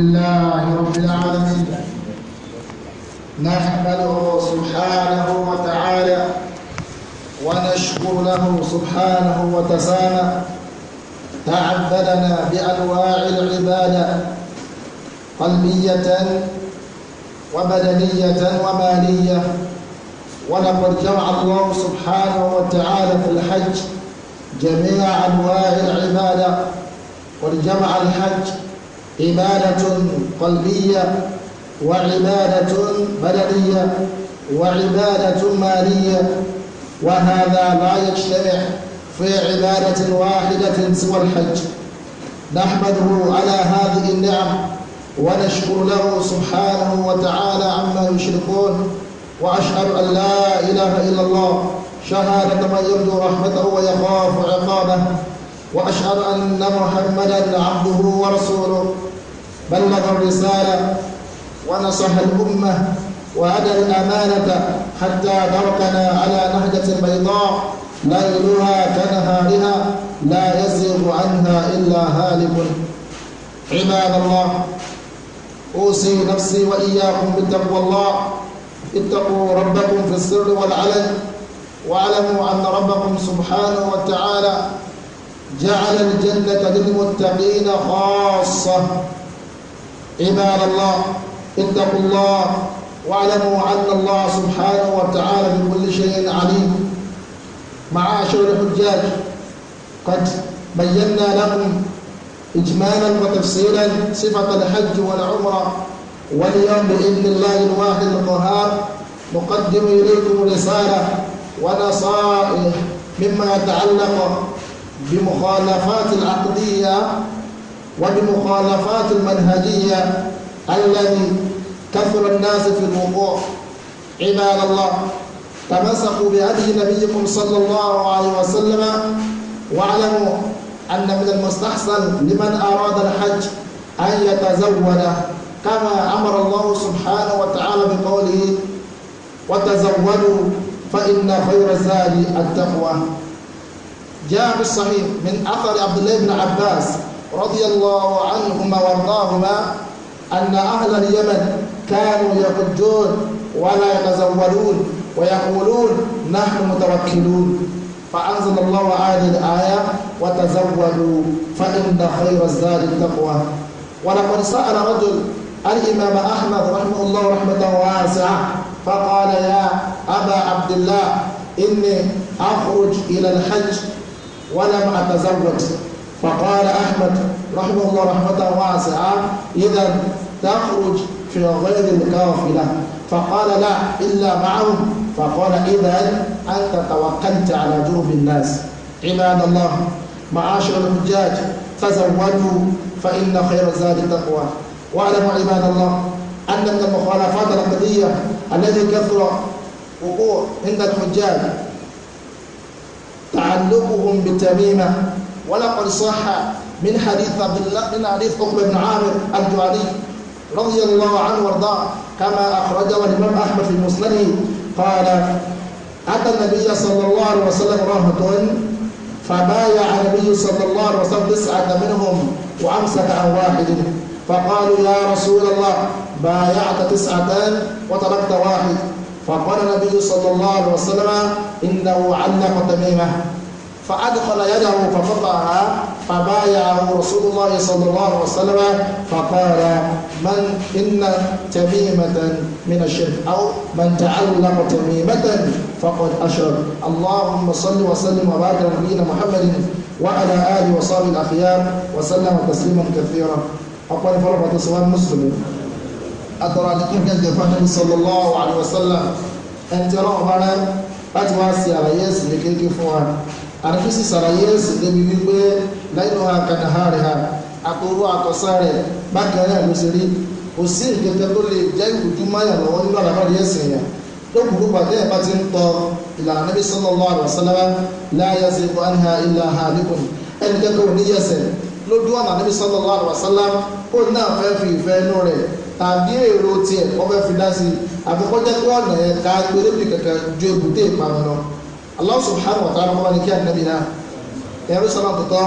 لله رب العالمين نحمده سبحانه وتعالى ونشكر له سبحانه وتسامى تعبدنا بأنواع العبادة قلبية وبدنية ومالية ولقد جمع الله سبحانه وتعالى في الحج جميع أنواع العبادة وجمع الحج عبادة قلبية وعبادة بدنية وعبادة مالية وهذا لا يجتمع في عبادة واحدة سوى الحج نحمده على هذه النعم ونشكر له سبحانه وتعالى عما يشركون وأشهد أن لا إله إلا الله شهادة من يبدو رحمته ويخاف عقابه وأشهد أن محمدا عبده ورسوله بلغ الرسالة ونصح الأمة وأدى الأمانة حتى تركنا على نهجة بيضاء ليلها كنهارها لا يزيغ عنها إلا هالك عباد الله أوصي نفسي وإياكم بتقوى الله اتقوا ربكم في السر والعلن واعلموا أن ربكم سبحانه وتعالى جعل الجنة للمتقين خاصة عباد الله اتقوا الله واعلموا أن الله سبحانه وتعالى بكل شيء عليم معاشر الحجاج قد بينا لكم إجمالا وتفصيلا صفة الحج والعمرة واليوم بإذن الله الواحد القهار نقدم إليكم رسالة ونصائح مما يتعلق بمخالفات العقدية والمخالفات المنهجية الذي كثر الناس في الوقوع عباد الله تمسكوا بهدي نبيكم صلى الله عليه وسلم واعلموا أن من المستحسن لمن أراد الحج أن يتزود كما أمر الله سبحانه وتعالى بقوله وتزودوا فإن خير الزاد التقوى جاء في الصحيح من أثر عبد الله بن عباس رضي الله عنهما وارضاهما أن أهل اليمن كانوا يحجون ولا يتزولون ويقولون نحن متوكلون فأنزل الله هذه الآية وتزولوا فإن خير الزاد التقوى ولقد سأل رجل الإمام أحمد رحمه الله رحمة واسعة فقال يا أبا عبد الله إني أخرج إلى الحج ولم أتزوج فقال أحمد رحمه الله رحمة واسعة إذا تخرج في غير القافلة فقال لا إلا معهم فقال إذا أنت توكلت على جوف الناس عباد الله معاشر الحجاج تزودوا فإن خير زاد التقوى واعلموا عباد الله أن من المخالفات العقدية التي كثر وقوع عند الحجاج تعلقهم بالتميمة ولقد صح من حديث عبد الله من حديث عقبه بن عامر الجعلي رضي الله عنه وارضاه كما اخرجه الامام احمد في مسنده قال اتى النبي صلى الله عليه وسلم رهط فبايع النبي صلى الله عليه وسلم تسعه منهم وامسك عن واحد فقالوا يا رسول الله بايعت تسعه وتركت واحد فقال النبي صلى الله عليه وسلم انه علق تميمه فأدخل يده ففقعها فبايعه رسول الله صلى الله عليه وسلم فقال من إن تميمة من الشرك أو من تعلم تميمة فقد أشر اللهم صل وسلم وبارك على نبينا محمد وعلى آله وصحبه الأخيار وسلم تسليما كثيرا أقول فرقة سواء مسلم أترى لكم النبي صلى الله عليه وسلم أنت رغبنا أتواسي على يسري كيف ànífi sì sàlàyé ẹ̀sìn débi wípé láìnú akadàhà rẹ̀ ha àpòrò àtọ̀sán rẹ̀ bákan náà ló ṣe rí kò sí ìkẹkẹ tó lè jẹ́ ìkùjú máyà lọ́wọ́ nínú àlámọ̀rí ẹ̀sìn yẹn lókùnkú pàdé ẹ̀ bá ti ń tọ ìlànà níbi sallallahu alaihi wasallam láyé ṣe kó anha ilà ha níkùn ẹni kẹ́kọ̀ọ́ ò ní yẹsẹ̀ lójú ọ̀nà níbi sallallahu alaihi wasallam kó náà fẹ́ fi ìfẹ́ inú rẹ̀ tàbí èrò tiẹ̀ kọ́ fẹ́ fi dá sí i àfikọ́jẹ́ Allah subhanahu wa ta'ala mọ́lá ní kí ànábì náà ẹ̀rú sọ́nà tọ̀tọ̀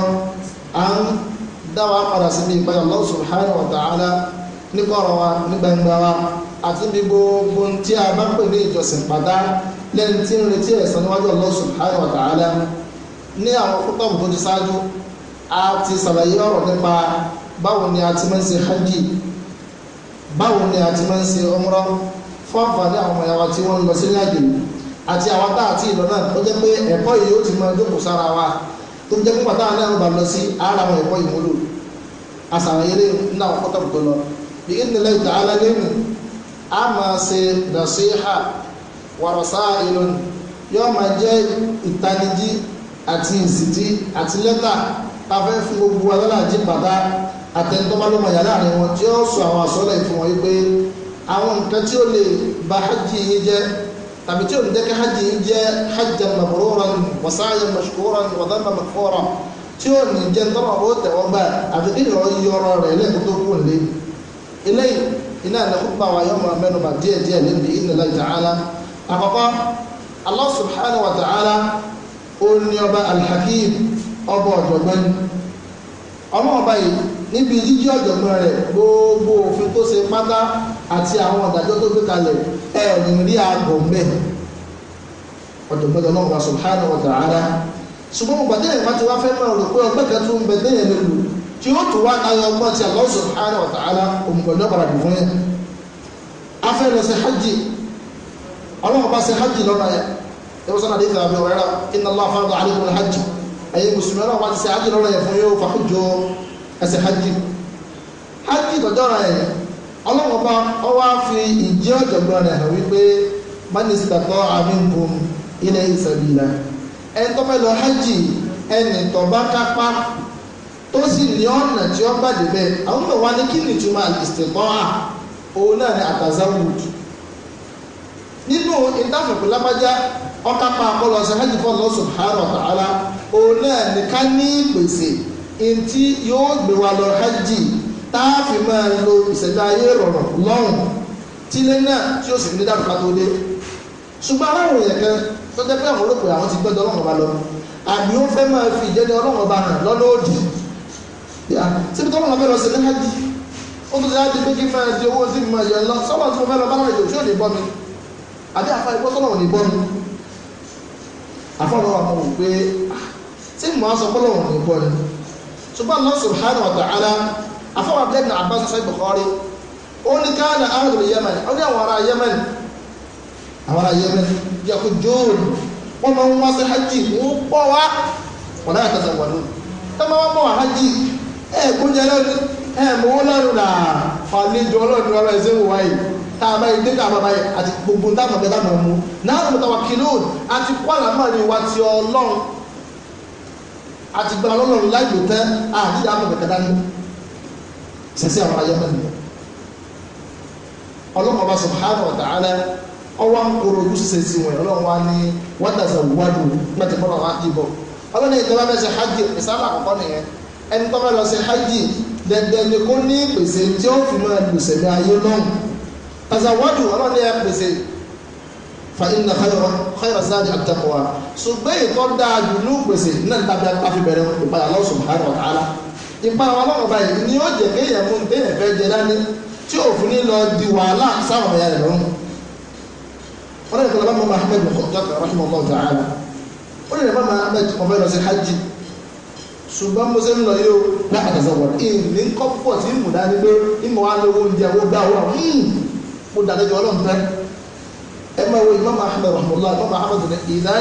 à ń dáwà padà sí bí ìpayà Allah subhanahu wa ta'ala ní kọ̀rọ̀ wa ní gbangba wa àti bí gbogbo tí a bá pè ní ìjọsìn pàdá lẹ́ni tí ń retí ẹ̀san níwájú Allah subhanahu wa ta'ala ní àwọn kótọ́ọ̀mù tó ti ṣáájú a ti ṣàlàyé ọ̀rọ̀ nípa báwo ni a ti máa ń ṣe hajj báwo ni a ti máa ń ṣe umrah fún àǹfààní àwọn ọmọ yàrá tí wọ́n ń lọ sílẹ̀ àjèjì àti àwọn tá àti ìlọ náà ó jẹ́ pé ẹ̀kọ́ yìí ó ti máa jókòó sára wa tó jẹ́ pípa táwọn náà ń bá lọ sí ara àwọn ẹ̀kọ́ yìí múlò àṣàrà eré nínú àwọn kọ́tọ̀ tó lọ bí ìdílé ta'ala lẹ́nu a máa ṣe nàṣíhà wàrọ̀sá ìlú yóò máa jẹ́ ìtanijí àti ìsìtí àti lẹ́tà ta fẹ́ fún gbogbo alálàájí bàbá àtẹnudọ́bá yàrá àárín wọn tí ó sọ àwọn àsọ́lẹ̀ fún wọn wípé àwọn nǹkan tí ó lè bá hajj yìí jẹ́ tàbí tí ò ní jẹ́ kí hajj yìí jẹ́ hajjan mabruran wa sa'yan mashkuran wa dhanban maghfura tí ò ní jẹ́ tọ́lọ̀ ó tẹ̀wọ́ gbà àti kí ìrọ̀ yọrọ rẹ̀ lẹ́kùn tó kù nílé ilé iná ní kúpa wa yọmọ mẹ́nuba díẹ̀ díẹ̀ níbi ìnìlá ta'ala àkọ́kọ́ Allah subhanahu wa ta'ala ó ní ọba alhakim ọba ọ̀jọ̀gbọ́n ọmọ ọba yìí níbi jíjí ọ̀jọ̀gbọ́n rẹ̀ gbogbo òfin tó ṣe pátá àti àwọn ìdájọ́ tó gbé kalẹ̀ ẹ̀ rí àgọ̀ mẹ́ ọ̀dọ̀gbọ́dọ̀ náà wà subhanahu wa ta'ala ṣùgbọ́n mo gbàdé ìwà tí wàá fẹ́ máa rò pé ọgbẹ́ kan tó ń bẹ déyẹn lè lò tí ó tún wá ayọ̀ ọgbọ́n ti Allah subhanahu wa ta'ala òmùgbọ̀dọ̀ padà dùn fún yẹn afẹ́ lọ sí hajj ọlọ́run bá sí hajj lọ́nà yẹn ẹ̀rọ sọ́nà àdéhùn àbí ọ̀rẹ́ rà inna Allah farada hajj ẹ̀yin mùsùlùmí ọlọ́run bá ti sí hajj lọ́nà yẹn fún yóò fàájò ẹsẹ̀ hajj hajj tọ́jọ́ ra yẹn ọlọ́run bá ọwọ́ fi ìjẹ́ ọ̀jọ̀gbọ́n rẹ̀ hàn wípé mínísítà tó àmínkùn ilẹ̀ ìsàbílà ẹni tó fẹ́ lọ hajj ẹni tó bá kápá tó sì ní ọ̀nà tí ó gbàdé bẹ́ẹ̀ àwọn ọmọ wa ní kí ni ìtumọ̀ ìsìnkọ́ à òun náà ni àtàzáwùd nínú ìdáfẹ̀kù lápájá ọkápá akọlọsẹ hajj fọlọ subhanahu wa ta'ala òun náà ni ká ní ìpèsè ntí yóò gbé wa lọ hajj táàfì máa lo ìṣẹ̀lú ayé rọ̀rọ̀ lọ́rùn tílé náà tí ó sì ní dàrú ká tó dé ṣùgbọ́n aráàlú yẹn kan tó jẹ́ pé àwọn olóòpè àwọn ti gbọ́dọ̀ ọlọ́run ọba lọ àbí ó fẹ́ máa fi ìjẹ́ni ọlọ́run ọba hàn lọ́nà òdì síbi tó lọ́nà fẹ́ lọ sí ní hajj ó tún ti láti pé kí máa di owó tí mo máa yọ lọ sọ́wọ́n tí mo fẹ́ lọ bá láàyè òṣèlú ìbọn ò ní ìbọn mi ah, ṣùgbọ́n afọwọ́ abdulayi bin abbas sọ Bukhari ó ní káàna ahadu yemen ó ní àwọn ará yemen àwọn ará yemen yẹku jóòlù wọn máa ń wá sí hajj wọn pọ̀ wá wọn náà tẹsán wọn lónìí ẹ máa mọ̀ hajj ẹ kúnjẹ lẹ́nu ẹ mọ̀wó lẹ́nu náà fàlejò ọlọ́ọ̀dún ọlọ́ọ̀ ẹ̀sẹ̀ wò wáyé tá a bá yẹ dédé àbábá yẹ àti gbogbo dáàmú bẹ dáàmú mu náà mo tàwa kìlóòn àti kwara máa ní wa ti ọlọ́run àti gbàlọ́lọ́run láì lò tẹ́ àti dáàmú bẹ kẹta ní sẹsẹ àwọn ayẹmẹ nìyẹn ọlọ́wọ́n bá subhanahu wa ta'ala ọwọ́ akoro ojú sẹsẹ wọn ọlọ́wọ́n wa ní wọ́n dàsẹ̀ wájú gbẹ̀tẹ̀ bọ́lá wa kì í bọ̀ ọlọ́ni ìjọba bẹ́ẹ̀ ṣe hajj ìsáàlà àkọ́kọ́ nìyẹn ẹni tó bá lọ hajj dandan ni kó ní pèsè tí ó fi máa lùsẹ̀ ní ayé náà tazawwadu ọlọ́ni ẹ pèsè fa inna khayra zadi at-taqwa ṣùgbọ́n ìtọ́ dáa jù ní pèsè náà tàbí àfi ipa àwọn ọlọ́run báyìí ni ó jẹ́ kéèyàn mú téèyàn fẹ́ jẹ dání tí òfin ní lọ di wàhálà sáwọn ọ̀yà rẹ̀ lọ́rùn wọ́n lè kọ́lọ́ bá mọ́ Ahmed dọ́kítà rahman allah ta'ala wọ́n lè bá mọ́ Ahmed ọ̀fẹ́ lọ sí hajj ṣùgbọ́n mo ṣe ń lọ yóò láti àtàzọ̀wọ̀ ìní kọ́ púpọ̀ tí mò dání pé ìmọ̀ wa lówó oúnjẹ wo dá wa mo dàdéjọ ọlọ́run fẹ́ ẹ máa wo ìmọ̀ Ahmed rahman allah ìmọ̀ Ahmed ìdá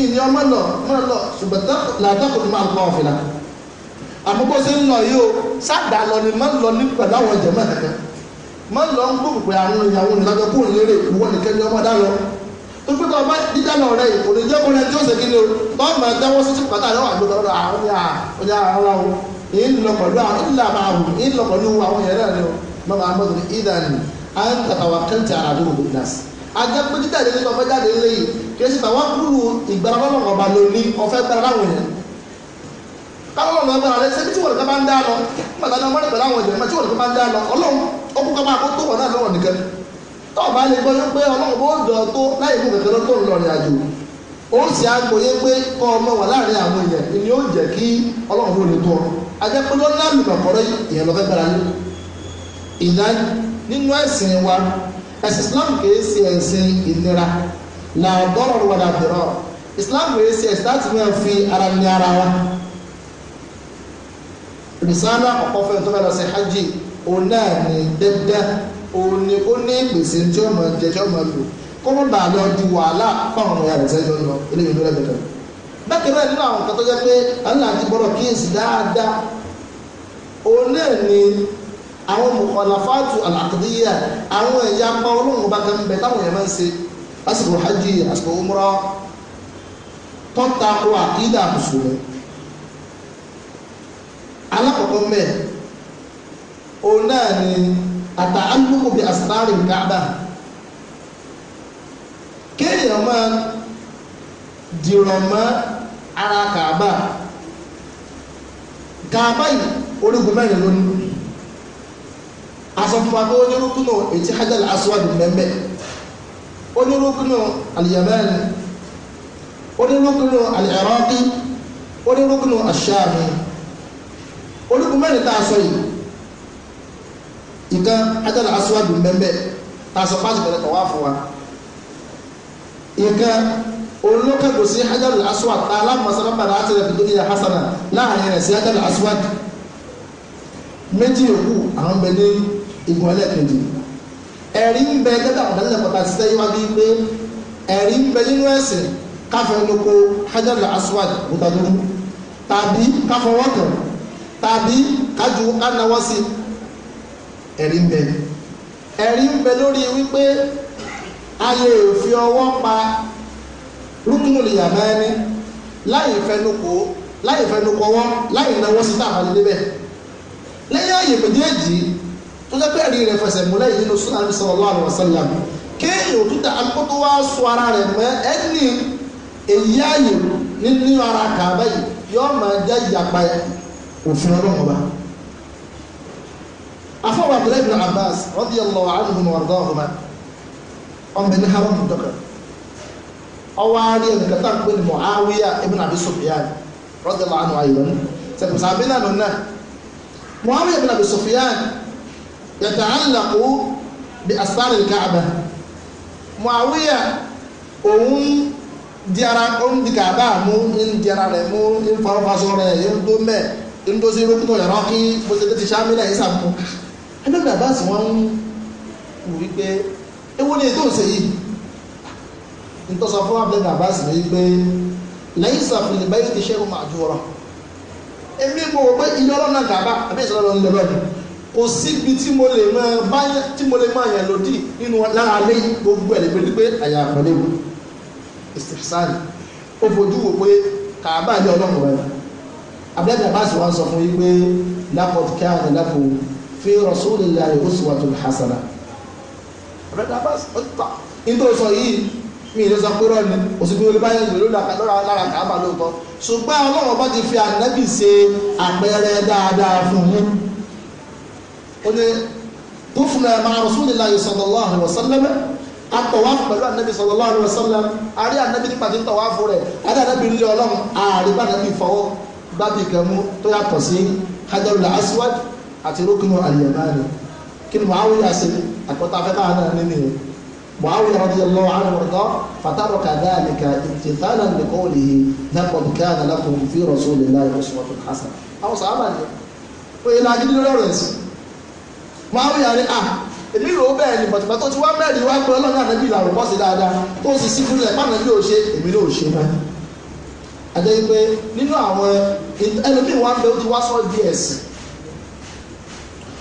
ìní ọmọ lọ mọ́ lọ ṣùgbọ́n látàkùn máa ń kọ́ ọ̀fìlà àmúkó sí ń lọ yìí o sáàdà lọ ni má lọ ní pẹ̀lú àwọn ìjẹ̀mọ́ ẹ̀kẹ́ má lọ ń gbóògùn pé àwọn ìyàwó ní lọ́jọ́ kó lérè ìwọ nìkan ni ọmọ dáná tó fi kọ́ ọmọ dídá lọ rẹ yìí kò ní jẹ́ kóra tí ó ṣe kí ni o tọ́ máa dáwọ́ sí pàtàkì àwọn àgbẹ̀dọ̀ ọ̀rọ̀ àwọn ọ̀rọ̀ àwọn ọ̀rọ̀ àwọn ìlọ pẹ̀lú àwọn ìlà máa wù ìlọ pẹ̀lú àwọn yẹ̀rẹ́ rẹ o mọ́mọ́ amadu ní ìdánì à tàtàwà kẹ́ntì ara ló wù nas. ajá pé jíjáde nínú ọmọ jáde ńlẹ́yìn kí ẹ sì tàwọn kúrú ìgbàlọ́lọ́kọ̀ọ́ba lóní ọ̀fẹ́ gbàlọ́ káwọn ọ̀nà ọ̀gbọ̀n rẹ ṣebí tí wọ́n kan bá ń dá lọ nígbàtà náà wọ́n rẹ̀ pẹ̀lú àwọn ìjọba tí wọ́n kan bá ń dá lọ ọlọ́run ó kú kápá kó tó wọ̀ náà lọ́wọ́ nìkan tó ọ̀bá lè gbọ́ pé ọlọ́run bó dọ̀ tó láì mú kẹ̀kẹ́ lọ́tọ̀ lọ rìn àjò ó sì àgbòye pé kọ́ ọmọ wà láàrin àwọn èèyàn ni ó jẹ́ kí ọlọ́run ló lè tó ọ ajẹ́ pé ló ńlá lùmọ̀ kọ́rọ́ lọ fẹ́ gbára lé ìdá nínú ẹ̀sìn wa ẹ̀sìn Islam kìí ṣe ẹ̀sìn ìnira làbọ̀rọ̀ wàdà bẹ̀rọ̀ Islam kìí ṣe ẹ̀sìn láti fi ara ní ara wa rìsálà àkọ́kọ́ fẹ́ tó fẹ́ lọ sí hajj òun náà ní dẹ́dẹ́ òun ni ó ní ìpèsè tí ó máa jẹ tí ó máa lò kó má bàa lọ di wàhálà fáwọn ọmọ yàrá ìṣẹ́jọ́ lọ eléyìí ló lẹ́gbẹ̀ẹ́ bákan náà nínú àwọn kan tó jẹ́ pé aláàjì gbọ́dọ̀ kíyèsí dáadáa òun ni àwọn mukhalafatu al àwọn ẹ̀yà apá olóhùn bá kan bẹ táwọn èèyàn máa ń ṣe lásìkò hajj alákọ̀ọ́kọ́ mẹ́ òun náà ni àtàlùkù bíi àsìtárì káàbà kéèyàn máa dìrọ̀ mọ́ ara káàbà káàbà yìí orígun mẹ́rin ló ní asọ̀fúnfàgbé onírúkúnù ètí hajjal aswad mẹ́mẹ́ onírúkúnù aliyamani onírúkúnù aliraki onírúkúnù aṣáàmì ológun mẹ́rin tá a sọ yìí ìkan ajala aṣíwájú mbẹ́mbẹ́ tá a sọ pàṣẹ pẹ̀lẹ́ tọ̀wá fún wa ìkan olókàgbò sí ajala aṣíwájú tá a lámọ̀sára bàrà á ti rẹ̀ fìdí ìyá hasana láàrin rẹ̀ sí ajala aṣíwájú méjì yòókù àwọn bẹ ní igun ẹlẹ́ẹ̀kejì ẹ̀rí ń bẹ gẹ́gẹ́ àwọn ọ̀dàlẹ̀ pàtàkì sí tẹ́yìn pé ẹ̀rí ń bẹ nínú ẹ̀sìn káfẹ́ lóko hajar al-aswad bùtàdúró tàbí káfọwọ́kàn tàbí kájú kánáwọ́ sí ẹ̀rí ń bẹ ẹ̀rí ń bẹ lórí wípé a lè fi ọwọ́ pa rúkúnlù yàmá ẹni láì fẹnukò láì fẹnukọwọ́ láì náwọ́ sí tàbá níbẹ̀ lẹ́yìn àyè méjèèjì tó jẹ́ pé ẹ̀rí rẹ̀ fẹsẹ̀ múlẹ̀ yìí nínú sunan sallallahu alaihi wasallam kéèyàn òkúta akótó wá sọ ara rẹ̀ mọ́ ẹni èyí àyè nínú ara kàbáyé yọ́ọ́ máa jẹ́ ìyàpá yẹn òfin ọlọ́run ọba afọwọ́ abdullahi bin abbas radiyallahu anhuma wa ardahuma ọmọ ẹni haram dọ́kà ọwọ́ àárí ẹni kẹta ń pè ní muawiya ibn abi sufyan radiyallahu anhu ayélujára sẹ́kùn sàbí náà nù náà muawiya ibn abi sufyan yata'allaqu bi astar al-ka'ba muawiya òun di ara di kàbá mú ń di ara mú ń fọwọ́fọsọ rẹ̀ ń dó mẹ́ẹ̀ ndo sí irúkú náà yàrá kí bó ṣe ti ṣáá mílẹ̀ yìí sàmú ẹgbẹ́ bàbá sì wọ́n ń wù wípé ewu ni ètò òsè yìí ntọ́sọ fún abdul na sì wípé lẹ́yìn sàfihàn ìgbà yìí ti ṣe ọmọ àjùwọ̀rọ̀ èmi mo wò pé iye ọlọ́nà gàba àbí ìṣẹ́ ọlọ́run lọ́dọ̀ ni kò síbi tí mo lè máa bá tí mo lè máa yàn lòdì nínú lára lé gbogbo ẹ̀ lẹ́gbẹ̀ẹ́ pé àyà àpọ̀lẹ́wò ìsìnkú sáà ni ó fojú abúlé abbas wa sọ fún yín pé laqad kana lakum fi rasulillahi uswatun hasana abúlé abbas ó ti tà nítorí sọ yìí mi ìlú sọ pé rọ́ọ̀nì òsùnbí olùbáyọ̀ ìlú lára kàábà lóòótọ́ ṣùgbọ́n ọlọ́run bá ti fi ànábì ṣe àpẹẹrẹ dáadáa fún yín ó ní tófùnà máa rasulillahi sallallahu alaihi wasallam atọ̀wá pẹ̀lú ànábì sallallahu alaihi wasallam àrí ànábì nípa tí ń tọ̀wá fún rẹ̀ àdá ànábì nílé ọlọ́run àrí bá fọwọ́ gbábì kan mú tó yàtọ̀ sí hajarul aswad àti rukunu al-yamani kí ni Muawiya ṣe àkọ́tà afẹ́ káwọn náà nínú yẹn Muawiya radiyallahu anhu wọ̀rọ̀dọ́ fataraka dhalika imtithalan li qawlihi laqad kana lakum fi rasulillahi uswatun Hasan. àwọn sàábà ni òye la gidi lórí ọ̀rọ̀ ẹ̀sìn Muawiya ni à ah, èmi rò bẹ́ẹ̀ ni bọ̀tùmọ̀ tó ti wá mẹ́rin wá pé ọlọ́run ànábì làwọn bọ́ọ̀sì dáadáa tó sì sí fúnlẹ̀ pàmò bí ò ṣe èmi àjẹ́ pé nínú àwọn ẹlòmíì wá ń bẹ ó ti wá sọ di ẹ̀sìn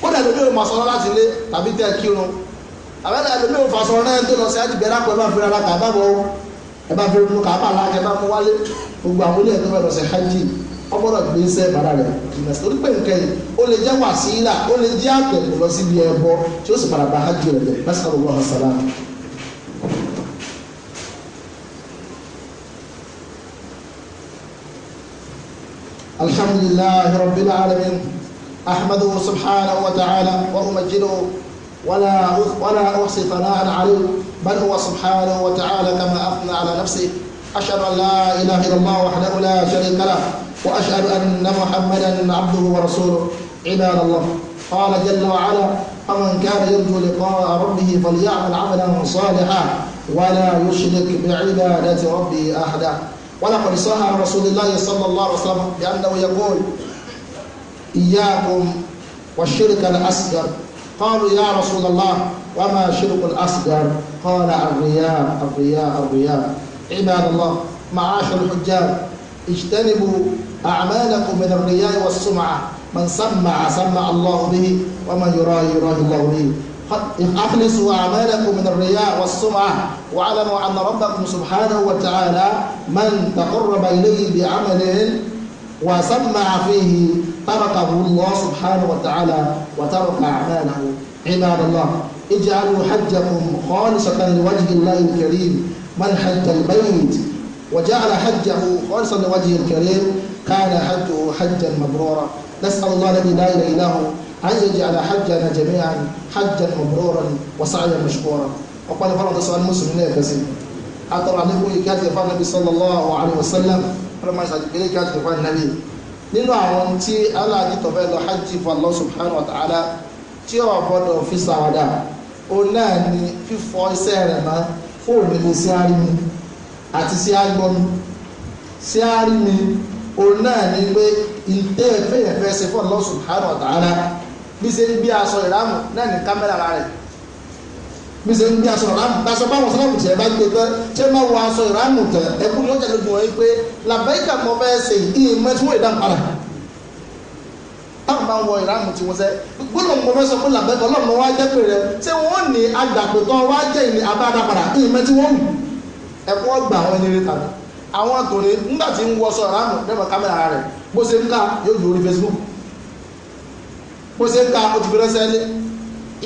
kódà ẹlòmíì o máa sọ láti ilé tàbí tẹ́ kírun àbẹ́lẹ̀ ẹlòmíì ò fasọ náà tó lọ sí àti bẹ̀rẹ̀ àpò ẹ bá fira ara kà bá bọ̀ ẹ bá fira mú kà bá la kẹ bá mú wálé gbogbo àwọn ilé ẹ̀tọ́ fẹ́ràn ọ̀sẹ̀ hajj ọgbọ́dọ̀ gbé sẹ́ bàrà rẹ̀ torí pé nǹkan yìí ó lè jẹ́ wàsílà ó lè jẹ́ àgbẹ̀ lọ síbi ẹ̀bọ tí ó sì padà bá hajj rẹ̀ bẹ̀ الحمد لله رب العالمين أحمده سبحانه وتعالى وأمجده ولا ولا أحصي ثناء عليه بل هو سبحانه وتعالى كما أثنى على نفسه أشهد أن لا إله إلا الله وحده لا شريك له وأشهد أن محمدا عبده ورسوله عباد الله قال جل وعلا فمن كان يرجو لقاء ربه فليعمل عملا صالحا ولا يشرك بعبادة ربه أحدا ولقد صح عن رسول الله صلى الله عليه وسلم بأنه يقول إياكم والشرك الأصغر قالوا يا رسول الله وما شرك الأصغر قال الرياء الرياء الرياء عباد الله معاشر الحجاج اجتنبوا أعمالكم من الرياء والسمعة من سمع سمع الله به ومن يراه يراه الله به أخلصوا أعمالكم من الرياء والسمعة واعلموا أن ربكم سبحانه وتعالى من تقرب إليه بعمل وسمع فيه تركه الله سبحانه وتعالى وترك أعماله عباد الله اجعلوا حجكم خالصة لوجه الله الكريم من حج البيت وجعل حجه خالصا لوجه الكريم كان حجه حجا مبرورا نسأل الله الذي لا إله إلا هو أن يجعل حجنا جميعا حجا مبرورا وسعيا مشكورا ọpọlọ fọlọ tó sọ ní mùsùlùmí náà ẹ̀kọ́ sí atọ́rọ àlékún yìí káàtì ẹ̀fọ́ ànábi sallallahu alaihi wasallam ọlọ́mọ ìsàdìgbélé káàtì ẹ̀fọ́ ànábi nínú àwọn tí aláàjì tọ́fẹ́ lọ hajj fún Allah subhanahu wa ta'ala tí ó wà gbọ́dọ̀ fi sàwádà ó náà ni fífọ iṣẹ́ rẹ̀ mọ́ fóònù ní sí àrími àti sí àgbọ́mi sí àrími ó náà ni pé ìtẹ́ ẹ̀fẹ́ ẹ̀fẹ́ ṣe fún Allah subhanahu wa ta'ala bí ṣe ń bí aṣọ ìrámù náà ní kámẹ́rà rẹ̀ bí ṣe ń gbé aṣọ ìránù aṣọ báwọn sọlọ́mù tiẹ̀ bá gbé tán ṣé máa wọ aṣọ ìránù tán ẹkú ni wọ́n jẹ́ lójú wọn yìí pé làbẹ́yìká mọ fẹ́ ṣe ìyìn mọ́ tí wọ́n ìdáhùn padà táwọn bá ń wọ ìránù tí wọ́n sẹ́ gbọ́dọ̀ mọ fẹ́ sọ pé làbẹ́yìká ọlọ́mọ wa jẹ́ pé rẹ ṣé wọ́n ní agbàpẹ̀tọ́ wa jẹ́ ìní abáadá padà ìyìn mọ́ ẹkú ọgbà àwọn eléré tàbí àwọn tòní nígbà tí ń wọṣọ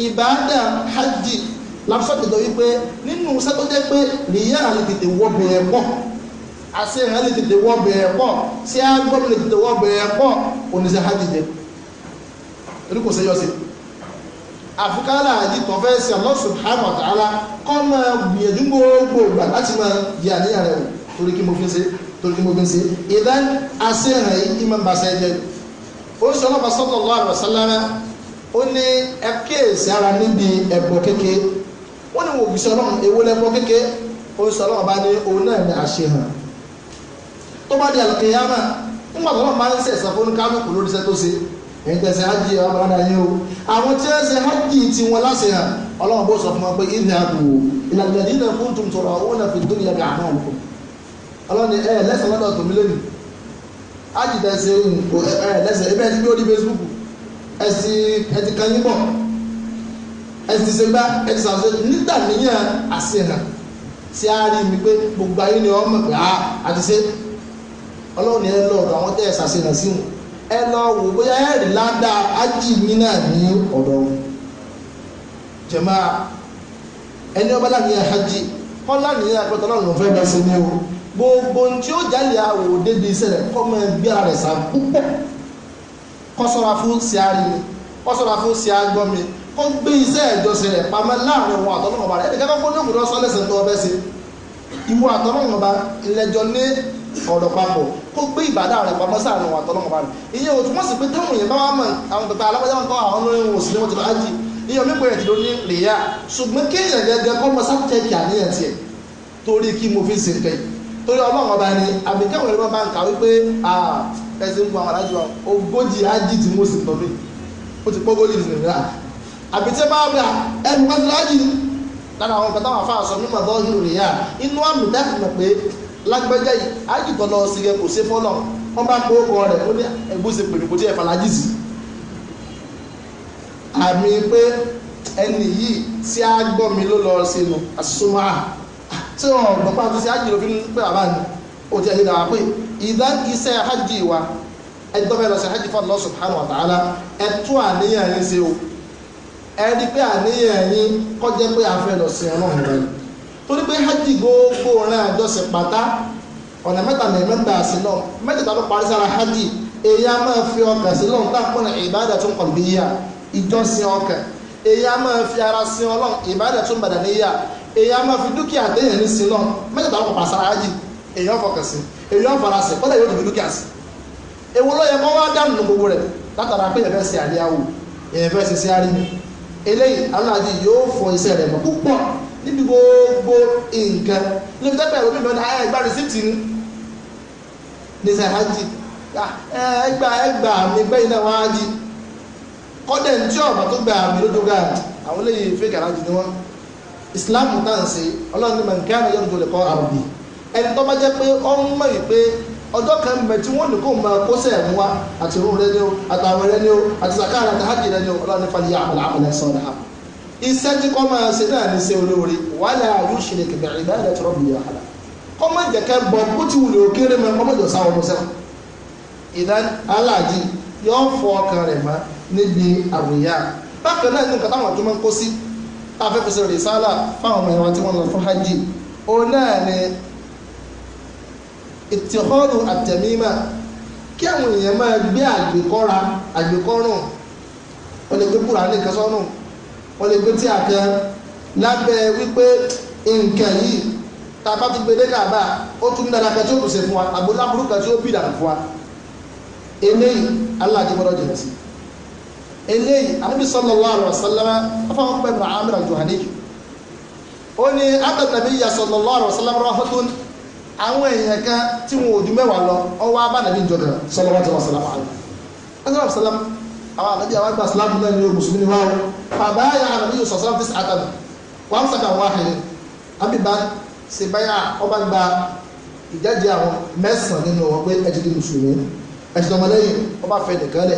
ìbáàdà hajj láfíṣọ́tì lọ wípé nínú iṣẹ́ tó jẹ́ pé nìyá lè tètè wọ́bẹ̀ ẹ̀ pọ̀ àti ìrìn lè tètè wọ́bẹ̀ ẹ̀ pọ̀ sí agbọ́n lè tètè wọ́bẹ̀ ẹ̀ pọ̀ oníṣẹ́ hajj jẹ́ orí kò sẹ́yọ́ sí àfikálà yìí tó fẹ́ sí Allah subhanahu wa ta'ala kọ́ máa gbìyànjú gbogbo ìgbà láti máa yà ní àrẹ̀ wò torí kí mo fi ṣe torí kí mo fi ṣe ìdán àṣehàn yìí ìmọ̀ bàṣẹ jẹ́ ó sọ lọ́pàá sallallahu alaihi wasallam ó ní ẹ kíyèsí ara níbi ẹ̀bọ̀ kékeré wọ́n ní wọ́n òfìsẹ́ ọlọ́run èwo lẹ́gbọ́ kéke oṣù bá ní òun náà ní àṣehàn tó bá di ń fún lórí iṣẹ́ tó ṣe ẹ̀yin tẹ̀sẹ̀ hajj ọlọ́run o àwọn tí wọ́n ṣe hajj ti wọn láṣehàn ọlọ́run bó sọ fún wọn pé ìdí àbò ìlànà ìdí náà fún tuntun ọ̀rọ̀ òun fi dúró lẹ́sẹ̀ lọ́dọ̀ hajj lẹ́sẹ̀ ẹ bẹ́ẹ̀ ti Facebook ẹ ti ṣe gbá ẹ ti ṣàṣe nígbà níyàn àṣehàn tí a rí mi pé gbogbo ayé ni ọmọ pé a àti ṣe ọlọ́run ni ẹ lọ ọ̀dọ̀ àwọn tẹ́ ẹ ṣàṣehàn sí wọn ẹ lọ wò bóyá ẹ rí ládàá ájì mi náà ní ọ̀dọ̀ wọn jẹ̀mọ́ ẹni ọba láti yẹn hajj kọ́lá nìyẹn àpẹtọ́ náà ló fẹ́ bá ṣe ní o gbogbo tí ó jáde àwò débi iṣẹ́ rẹ̀ kọ́ mọ́ ẹgbẹ́ rẹ̀ sàn púpọ̀ kọ́sọ́ra fún ṣe àrí mi kọ́sọ́ra fún ṣe àgbọ́ mi ó gbé iṣẹ́ ìjọsìn rẹ̀ pamọ́ láàrin òun àtọ́nà ọba rẹ̀ ẹnì kẹ́kọ̀ọ́ fún lóògùn lọ́sọ́ lẹ́sìn tó ọbẹ̀ sí ìwọ àtọ́nà ọba ìlẹ́jọ ní ọ̀rọ̀ papọ̀ kó gbé ìbàdà rẹ̀ pamọ́ sáàrin òun àtọ́nà ọba rẹ̀ ìyẹn ò túmọ̀ sí pé táwọn èèyàn bá wà mọ̀ àwọn pẹpẹ alábọ́jà ń kọ́ àwọn olórin wò sí ní wọ́n ti bá jì ìyẹn mi pèrè tìló ní rìyà ṣùgbọ́n kéèyàn gẹ́gẹ́ kọ́ mọ sátẹ́kì àníyàn tiẹ̀ torí kí mo fi ó ti pọ́gójì nìyẹn àbítẹ́ bá bá ẹnu pátìláàjì lára àwọn nǹkan táwọn afáàsọ mímọ̀ tó hìrò nìyà inú àmì dákùnà pé lágbẹ́jẹ́ yìí ájìtọ́ lọ sí rẹ kò ṣe fọ́lọ̀ wọ́n bá pé ókọ rẹ̀ ó ní ẹgbóṣe pèrè kò tí ẹ̀ falajì sí àmì pé ẹni yìí tí a gbọ́ mi ló lọ sí nu àṣùmọ́ à tí wọn gbọ́ pàtó sí ájì ló fi ń pè ó ti ẹ̀yìn dàwà pé ìdá iṣẹ́ hajj wa ẹgbẹ́ lọ sí hajj fún Allah subhanahu wa ta'ala ẹ̀tún àníyàn ní ṣe o ẹni pé àníyàn yín kọjá pé a fẹ́ lọ sí ọlọ́run torí pé hajj gbogbo ọ̀nà mẹ́ta mẹ́ta sí lọ mẹ́tẹ̀ẹ̀ta ló parí sára hajj èyí a máa fi ọkàn sí lọ́run tá a pọ̀ ní ìbáàdà tó ń kọ̀ bí yíyà ìjọsìn ọkàn èyí a máa fi ara sí ọlọ́run ìbáàdà tó ń fi dúkìá téèyàn ní sí lọ́run mẹ́tẹ̀ẹ̀ta ló parí sára hajj èyí èyí eléyìí aláàjì yóò fún iṣẹ́ rẹ̀ mọ́ púpọ̀ níbi gbogbo nǹkan lóbi tẹ́pẹ́ ìwé mímọ́ ní ayé ah, ẹgbà rìsíìtì ní níṣẹ́ hajj ẹgbà ẹgbà mi gbẹ́yìn náà wọ́n hajj kọ́dẹ̀ ní tí ọ̀bà tó gba àmì lójú gà àwọn eléyìí fẹ́ gàrà jù ní Islam náà ń ṣe ọlọ́run ní mọ̀ nǹkan ayọ̀rọ̀ jù lè kọ́ àrùbí ẹni tó bá jẹ́ pé ọ ọjọ́ kan ń bẹ tí wọ́n nìkó máa kó sẹ̀ ń wá àti irun rẹ ni o àtàwọn rẹ ni o àti sàkáàrà àti hajj rẹ ni o ọlọ́run nípa ni yàrá àmàlà ẹ̀sán rẹ̀ hàn. iṣẹ́ tí kọ́ máa ṣe náà ní ṣe olóore wàhálà yóò ṣe lè kẹ̀kẹ́ ìgbà yẹn tọrọ bìí wàhálà. kọ́ máa jẹ́ kẹ́ bọ̀ bó ti wùlé òkèrè mọ́ kọ́ máa jọ sáwọn ọmọ aláàjì yóò fọ ọkàn rẹ̀ ìtìkọ́nù àtẹ̀mímà kí àwọn èèyàn máa gbé àgbékọ́ra àgbékọ́rùn wọ́n lè gbé kúránì kan sọ́nù wọ́n lè gbé tí a kan lábẹ́ wípé nǹkan yìí tá a bá ti gbé dé kàbá ó tún ní dáadáa kan tí ó pèsè fún wa àbò láburú kan tí ó bì dànù fún wa eléyìí aláàjì gbọ́dọ̀ jẹ ti eléyìí anábì sallallahu alaihi wasallam afọwọ́ pẹ̀lú àmì àjọ àníkì ó ní àtàtàbí yà sallallahu alaihi wasallam rahmatun àwọn èèyàn kan tí wọn ò ju mẹ́wàá lọ ọwọ́ abánàbí ìjọ kan sọlọ wọn ti wọn sàlámù àlọ ọsọlọ sàlámù àwọn ànábì àwọn àgbà sàlámù náà ni mùsùlùmí wà ó bàbá yà ànábì yóò sọsọ fẹsẹ àtàlù wọn sàkà wọn àhìn àbíbá ṣe báyà ọba gba ìjáde àwọn mẹ́sàn-án nínú wọn pé ẹ ti di mùsùlùmí ẹ ti dọmọlẹ́yìn ọba fẹ́ nìkan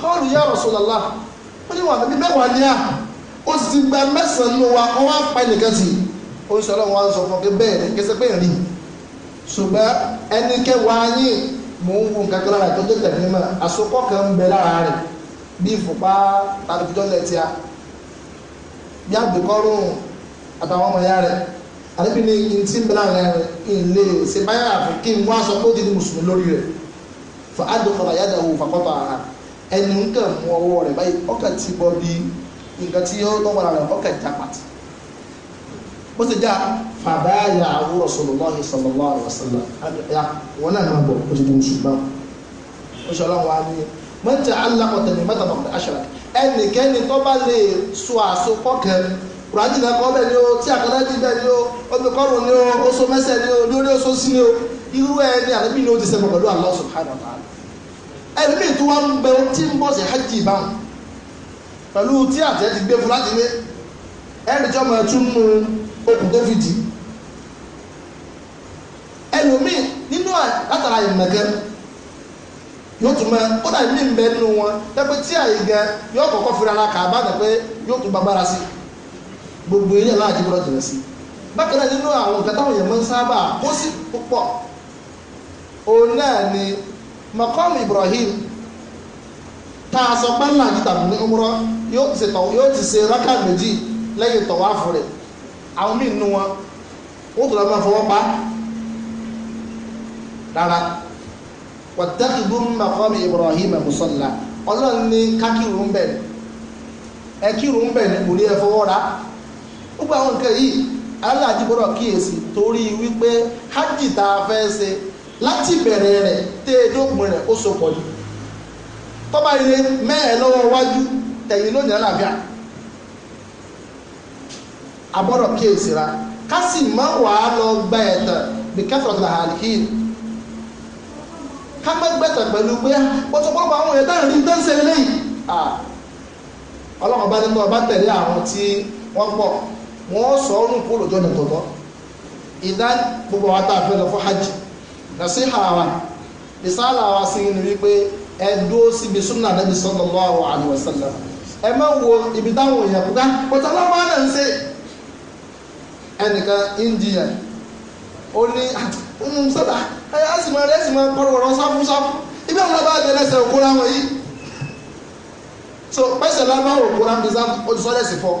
kọ́ọ̀lù yà Rasulullah ó ń sọ ọlọ́run wa ń sọ fún ọ pé bẹ́ẹ̀ ni kẹsẹ́ bẹ́ẹ̀ rí ṣùgbọ́n ẹni kẹwàá yín mò ń wo nǹkan kan lára ìtọ́jú tẹ̀lé mọ́ àsopọ̀ kan ń bẹ lára rẹ̀ bí ìfúnpá tàbíjọ́ lẹ́tíà bí àgbékọ́rùn àtàwọn ọmọ ya rẹ̀ àdébí ní kí n tí ń bẹ lára rẹ̀ kí n lè ṣe báyà àfi kí n wá sọ pé ó di mùsùlùmí lórí rẹ̀ fọ àdókòrò àyàdàwò fàkọ́tọ̀ àhà ẹni ń kàn mú ọwọ́ rẹ̀ báyìí ọkà ti bọ́ bí fàbáyà àwọn Rasulullahi sallallahu alaihi wasallam wọn náà máa bọ̀ ó ti di mùsùlùmá ó ṣe ọlọ́run wa ní mọ́tà alákọ̀tẹ̀ ní mọ́tà bàbá aṣọra ẹnikẹ́ni tó bá lè so àsopọ̀ kan kùràjì náà kọ́ bẹ́ẹ̀ ni ó tí àkàndá jì bẹ́ẹ̀ ni ó omi kọ́rùn ni ó ó so mẹ́sẹ̀ ni ó lórí ó so sí ẹlòmíì nínú látara ìmọ̀kẹ́ yóò tún mọ kódà ìmí ń bẹ nínú wọn lẹ́pẹ́ tí àyè gan yóò kọ́kọ́ fi rárá kà bá pẹ́ yóò tún gbàgbára sí gbogbo ilé aláàjì gbọ́dọ̀ jìnà sí bákan náà nínú àwọn nǹkan táwọn èèyàn máa ń sábà kó sí púpọ̀ òun náà ni maqam Ibrahim tá a sọ pé ńlá níta ní umrọ yóò ti ṣe rákà méjì lẹ́yìn tọ̀wáfù rẹ̀ àwọn míì nínú wọn ó tún lọ́ máa fọwọ́ pa á rárá wàtẹ́kìbú mọ̀kọ́mì Ibrahim musalla ọlọ́run ní kákìrù ń bẹ̀ ẹ kírù ń bẹ̀ ní kò rí ẹ fọwọ́ ra gbogbo àwọn nǹkan yìí aláàjì gbọ́dọ̀ kíyèsí torí wípé hajj tá a fẹ́ ṣe láti bẹ̀rẹ̀ rẹ̀ tẹ́ ẹ dópin rẹ̀ ó so pọ̀ yìí tọ́ba ilé mẹ́ẹ̀ lọ́wọ́ wájú tẹ̀yìn lónìí àlàáfíà a kíyèsí ra ká sì wà á lọ gba ẹ̀tàn bí kẹfọ́tà ká gbẹ́gbẹ́tàn pẹ̀lú pé ó tó pọ́pọ́ àwọn èèyàn dáhùn rí dáńsẹ̀ eléyìí ọlọ́run bá nínú ọba tẹ̀lé àwọn tí wọ́n pọ̀ wọ́n sọ ọ́rùn kó lòjọ́ ní tọ̀tọ̀ ìdá gbogbo wa tá a fẹ́ lọ fún hajj nàṣíhà wa ìsáàlà wa sí ni wípé ẹ dúró síbi súnà nàbì sallallahu alaihi wasallam ẹ má wo ibi táwọn èèyàn kúta pọ̀tàlá náà ń ṣe ẹnìkan indian ó ní ọmọ ah, sábà ẹ sì máa rẹ sì máa pọ̀rọ̀pọ̀rọ̀ sáfún sáfún ibi àwọn ọba àgbẹ̀ lẹ́sẹ̀ òkú láwọn yìí so pẹ́sẹ̀ lábáwò òkú láwọn bí sáfún ó ti sọ́lẹ̀ sí fọ́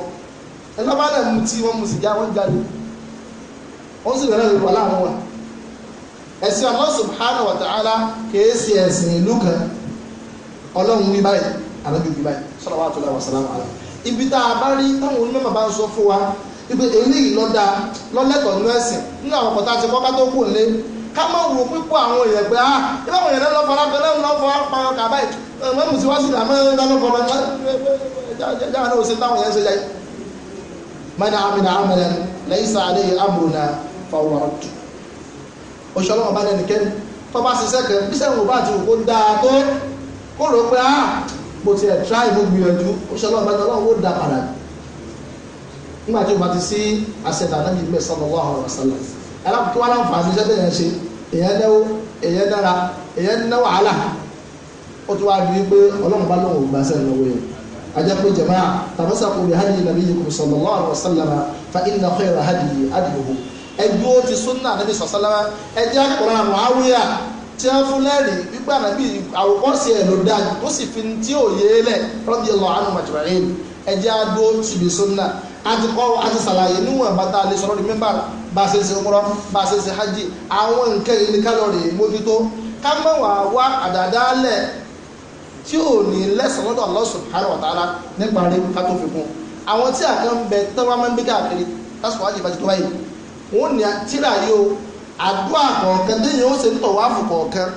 ẹ lọ́ba náà mu tí wọ́n mu sì já wọ́n jáde wọ́n sì rẹ̀ lọ́wọ́ láwọn wa ẹ̀sìn Allah subhanahu wa ta'ala kìí ṣe ẹ̀sìn ìlú kan ọlọ́run wí báyìí àlọ́bí wí báyìí salawatullahi wa salamu alayhi ibi tá a bá rí táwọn onímọ̀ bá ń sọ fún wa wípé eléyìí lọ́dà lọ́lẹ́tọ̀ nínú ẹ̀sìn nínú àwọn ọkọ̀ tá a ti kọ́ ká tó kù nílé ká má wo pípọ̀ àwọn èèyàn pé ah ibà àwọn èèyàn lọ́ fara pẹ́ lẹ́nu lọ́ fara pa ọkà báyìí mẹ́mú sí wá sí ìdààmú lọ́nà fọmọ jáà náà ó ṣe táwọn èèyàn ṣe jáì. mẹ́ni àmìnà àmìnà lẹ́yìn sáré amúnà fọwọ́ ọ̀tún. oṣù ọlọ́wọ́ bá lẹ́nu kẹ́ni tó bá ṣiṣẹ́ kẹ́ bí sẹ́wọ̀n bá ti kó dáa tó kó rò pé ah mo ti ẹ̀ tíráì mo gbìyànjú oṣù ọlọ́wọ́ bá lọ́wọ́ ó dá padà jù nígbà tí o bá ti sí àṣẹdá náà nígbà sallallahu alaihi wasallam alákòókò wọn láǹfààní iṣẹ́ tẹ̀yẹ̀ ṣe èyẹ náwó èyẹ nára èyẹ ná wàhálà ó ti wá di wípé ọlọ́run bá lóun ò gbà sẹ́yìn lọ́wọ́ yẹn ajakpe jamaa tamasako bi hadi nabiyyikum sallallahu alaihi wasallam fa inna khayra hadi adihu ẹgbẹ́ o ti sunna nabi sọ̀sálàmà ẹjẹ́ àkùrán Muawiya tí a fún lẹ́rìn gbígbà nàbí àwòkọ́sí ẹ̀ ló dáa tó sì fi tí ò yé lẹ̀ radiyallahu anhu majma'in ẹjẹ́ àdó tìbí sunna a ti kọ́ a ti ṣàlàyé níwọ̀n bàtà lè sọ̀rọ̀ ní mẹ́mbà bá a ṣe ṣe umrah bá a ṣe ṣe hajj àwọn nǹkan yìí ní kálọ̀rì mójútó ká má wà wá àdàdálẹ̀ tí ò ní lẹ́sàn-án lọ́dọ̀ Allah subhanahu wa ta'ala nípa rẹ̀ ká tó fi kún àwọn tí àkàn bẹ tọ́wọ́ máa ń gbé káàkiri lásìkò wájú ìbájú tó báyìí wọ́n ní tíra yìí o àdúrà kọ̀ọ̀kan déyìn ó ṣe ń tọ̀ wá fún kọ̀ọ̀kan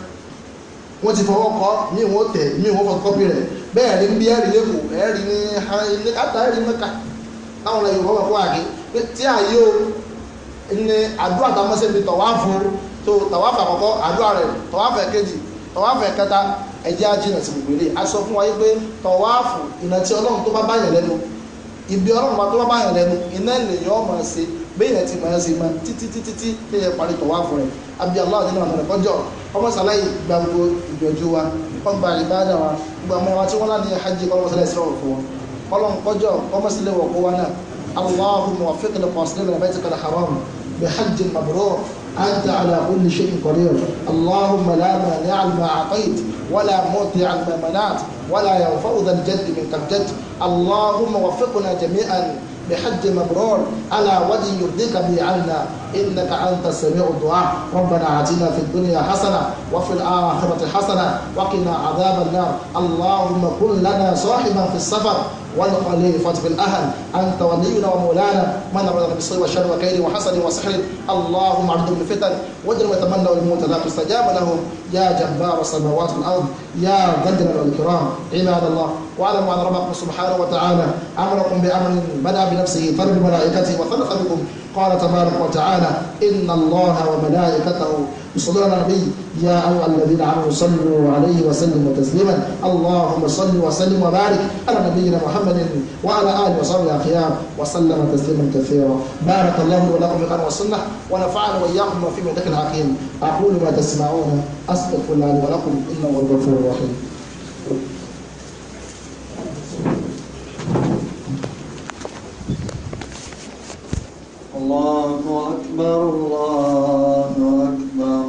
wọ́n ti fọwọ́ kọ́ mí wọ́n tẹ̀ mí wọ́n fọ́ kọ́pì rẹ̀ bẹ́ẹ̀ rí ń bí ẹ̀rí lẹ́kọ̀ọ́ ẹ̀rí ní ẹ̀rí ní táwọn ọ̀nà yorùbá kó àgé pé tí a o ní àdúrà tá a mọ́sẹ́ níbi tọ̀wáfù tó tọ̀wáfù àkọ́kọ́ àdúrà rẹ̀ tọ̀wáfù ẹ̀kejì tọ̀wáfù ẹ̀kẹta ẹ̀jẹ̀ ajínà sí gbogbo ilé a sọ fún wa yí pé tọ̀wáfù ìrántí ọlọ́run tó bá báyàn lẹ́nu ibi ọlọ́run tó bá báyàn lẹ́nu iná ọmọ ti máa ṣe máa títí títí kọ́lọ́n kọjọ́ kọ́mọ́sílẹ̀ wọ̀ kó wa náà allahumma wa fiqil muslimin baytika al-haram bi hajj mabrur anta ala kulli shay'in qadir allahumma la mani'a lima a'tayt wala muti'a lima mana'at wala yanfa'u dhal jaddi minka al-jadd allahumma waffiqna jami'an بحج مبرور على وجه يرضيك به عنا انك انت سميع الدعاء ربنا اتنا في الدنيا حسنه وفي الاخره حسنه وقنا عذاب النار اللهم كن لنا صاحبا في السفر والخليفة في الأهل أنت ولينا ومولانا من أمرنا بالصير والشر وكيد وحسن وسحر اللهم عبد الفتن وادر وتمنى الموت لا تستجاب لهم يا جبار السماوات والأرض يا ذا والإكرام عباد الله واعلموا أن ربكم سبحانه وتعالى أمركم بأمر بدأ بنفسه فرد ملائكته وثلث بكم قال تبارك وتعالى إن الله وملائكته صلوا على النبي يا أيها الذين آمنوا صلوا عليه وسلموا تسليما اللهم صل وسلم وبارك على نبينا محمد وعلى آله وصحبه الأخيار وسلم تسليما كثيرا بارك الله لكم في القرآن والسنة ونفعنا وإياكم في ذلك الحكيم أقول ما تسمعون أستغفر الله لي ولكم إنه هو الغفور الرحيم الله أكبر الله أكبر well